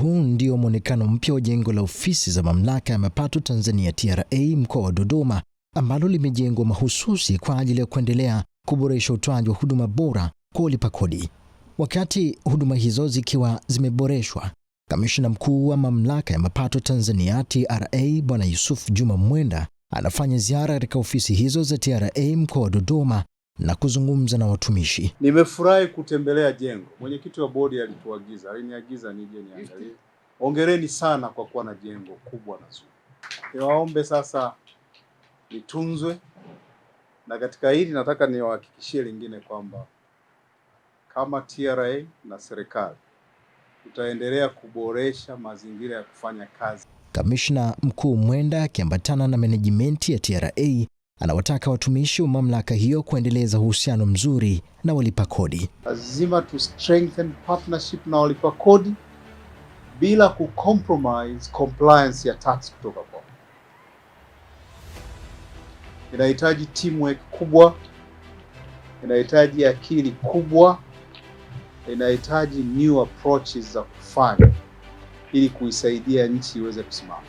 Huu ndio mwonekano mpya wa jengo la ofisi za mamlaka ya mapato Tanzania TRA mkoa wa Dodoma, ambalo limejengwa mahususi kwa ajili ya kuendelea kuboresha utoaji wa huduma bora kwa walipa kodi. Wakati huduma hizo zikiwa zimeboreshwa, kamishina mkuu wa mamlaka ya mapato Tanzania TRA Bwana Yusuf Juma Mwenda anafanya ziara katika ofisi hizo za TRA mkoa wa Dodoma na kuzungumza na watumishi. Nimefurahi kutembelea jengo. Mwenyekiti wa bodi alituagiza, aliniagiza nije niangalie. ongereni sana kwa kuwa na jengo kubwa na zuri. Niwaombe sasa litunzwe, na katika hili nataka niwahakikishie lingine kwamba kama TRA na serikali tutaendelea kuboresha mazingira ya kufanya kazi. Kamishna mkuu Mwenda akiambatana na menejimenti ya TRA anawataka watumishi wa mamlaka hiyo kuendeleza uhusiano mzuri na walipa kodi. Lazima tu strengthen partnership na walipa kodi bila kucompromise compliance ya tax kutoka kwao. Inahitaji teamwork kubwa, inahitaji akili kubwa, inahitaji new approaches za kufanya ili kuisaidia nchi iweze kusimama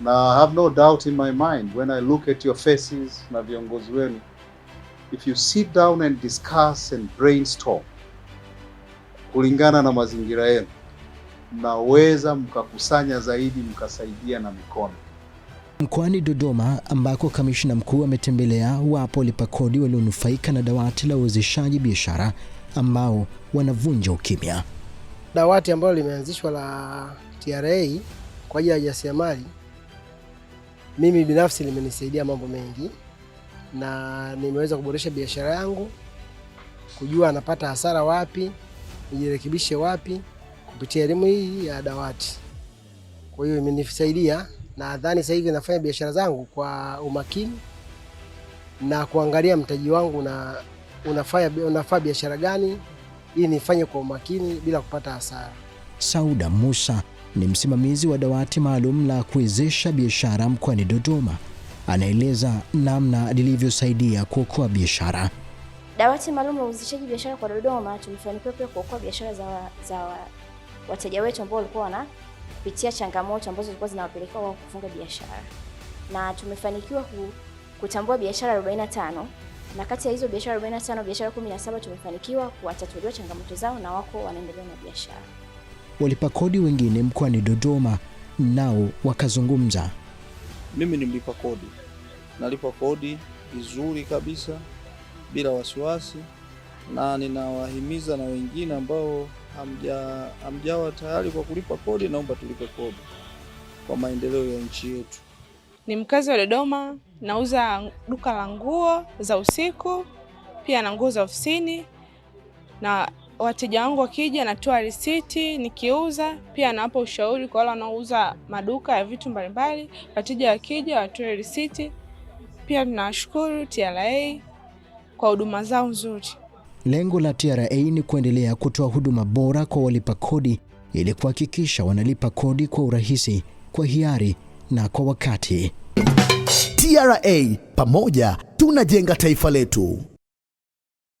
na I have no doubt in my mind when I look at your faces na viongozi wenu, if you sit down and discuss and brainstorm kulingana na mazingira yenu, mnaweza mkakusanya zaidi mkasaidia na mikono. Mkoani Dodoma ambako kamishna mkuu ametembelea, wapo walipa kodi walionufaika na dawati la uwezeshaji biashara ambao wanavunja ukimya. Dawati ambalo limeanzishwa la TRA kwa ajili ya jasiriamali mimi binafsi limenisaidia mambo mengi, na nimeweza kuboresha biashara yangu, kujua anapata hasara wapi, nijirekebishe wapi, kupitia elimu hii ya dawati. Kwa hiyo imenisaidia, nadhani sasa hivi nafanya biashara zangu kwa umakini na kuangalia mtaji wangu na unafaa unafaa biashara gani ili nifanye kwa umakini bila kupata hasara. Sauda Musa ni msimamizi wa dawati maalum la kuwezesha biashara mkoani Dodoma, anaeleza namna lilivyosaidia kuokoa biashara. Dawati maalum la uwezeshaji biashara kwa Dodoma, tumefanikiwa pia kuokoa biashara za, za wateja wetu ambao walikuwa wanapitia changamoto ambazo zilikuwa zinawapelekea wao kufunga biashara, na tumefanikiwa kutambua biashara 45 na kati ya hizo biashara 45, biashara 17 tumefanikiwa kuwatatuliwa changamoto zao na wako wanaendelea na biashara walipa kodi wengine mkoani Dodoma nao wakazungumza. Mimi ni mlipa kodi, nalipa kodi vizuri kabisa bila wasiwasi, na ninawahimiza na wengine ambao hamja hamjawa tayari kwa kulipa kodi, naomba tulipe kodi kwa maendeleo ya nchi yetu. Ni mkazi wa Dodoma, nauza duka la nguo za usiku pia na nguo za ofisini na wateja wangu wakija, natoa risiti nikiuza, pia nawapa ushauri kwa wale wanaouza maduka ya vitu mbalimbali. Wateja wakija, watoe risiti. Pia tunawashukuru TRA kwa huduma zao nzuri. Lengo la TRA ni kuendelea kutoa huduma bora kwa walipa kodi ili kuhakikisha wanalipa kodi kwa urahisi, kwa hiari na kwa wakati. TRA, pamoja tunajenga taifa letu.